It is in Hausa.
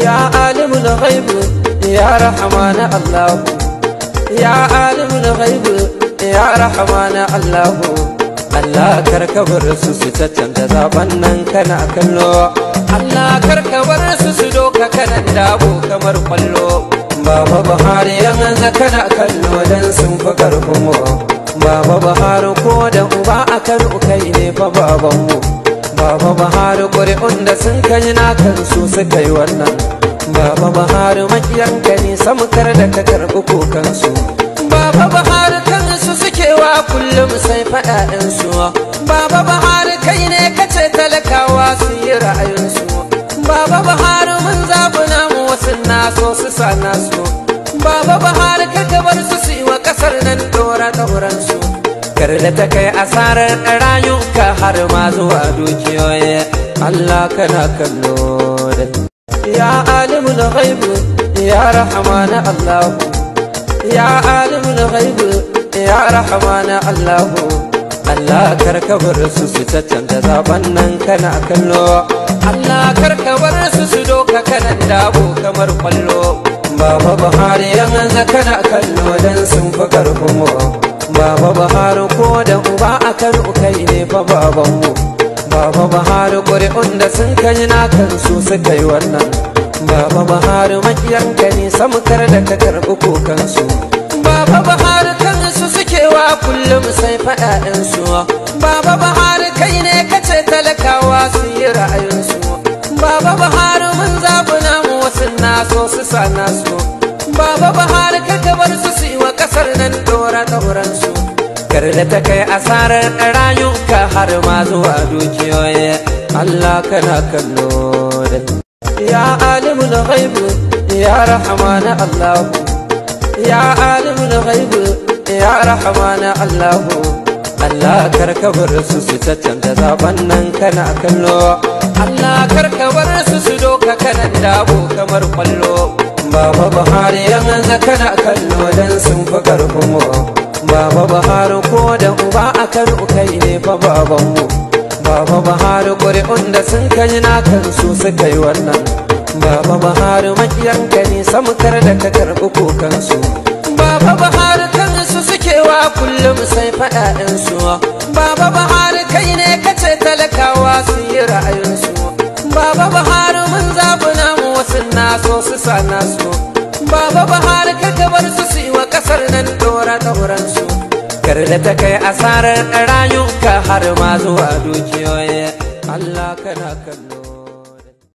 ya alimul ghaib ya rahman allah ya alimul ghaib ya rahman allah Allah karka bar su su cancanta zaben nan kana kallo Allah karka bar su su doka kana dabo kamar kwallo Baba Buhari yanzu kana kallo dan sun fi karfin mu Baba Buhari ko da uba a Kano kai ne fa babanmu Baba Bahari ƙuri'un da sun kai kan su suka yi wannan Baba Bahari makiyanka ne samkar da ka karɓi kokansu Baba Bahari kansu suke wa kullum sai su Baba Bahari kai ne kace talakawa su yi ra'ayinsu Baba Bahari mun zaɓi namu wasu na so su sa nasu Baba Bahari ka su su yi wa ƙasar nan ɗora su. askar da ta kai asarar rayuka har ma zuwa dukiyoyi Allah kana kallo da Ya alimul ghaibu ya rahmanu Allah Ya alimul ghaibu ya rahmanu Allah Allah karka bar su su tattanta zaben nan kana kallo Allah karka bar su su doka kanan dabo kamar kwallo Baba Buhari yanzu kana kallo kano kai ne fa babanmu baba bahar ƙuri'un da sun kai na kansu su kai wannan baba bahar makiyan ne samkar da ka kan su. baba kan kansu suke wa kullum sai su baba bahar kai ne kace talakawa su yi ra'ayinsu baba bahar mun zabuna mu wasu naso su sa nasu baba Buhari ka gabar su su yi wa ƙasar nan ɗora su kar da ta kai asarar ka har ma zuwa dukiyoyi Allah kana kallo da ya alimul ghaibu ya rahman Allah ya alimul ghaibu ya rahman Allah Allah ka bar su su tattanta zaban nan kana kallo Allah kar ka bar su su doka kanan dabo kamar kwallo Baba Buhari yan kana kallo dan sun fi karfin mu baba baharu ko da uba akan kano kai ne fa babanmu baba bahar ƙuri'un da sun kai na kan su suka yi wannan baba baharu makiyanka ne samkar da ka karɓi kokansu baba kan kansu suke wa kullum sai faɗaɗinsu baba baharu kai ne kace talakawa su yi ra'ayinsu baba baharu mun zaɓi namu wasu na su sa nasu baba baharu ka gabar su su yi kasar nan dora dauran su garda ta kai asarar rayuka har ma zuwa dukiyoyi Allah kana kallo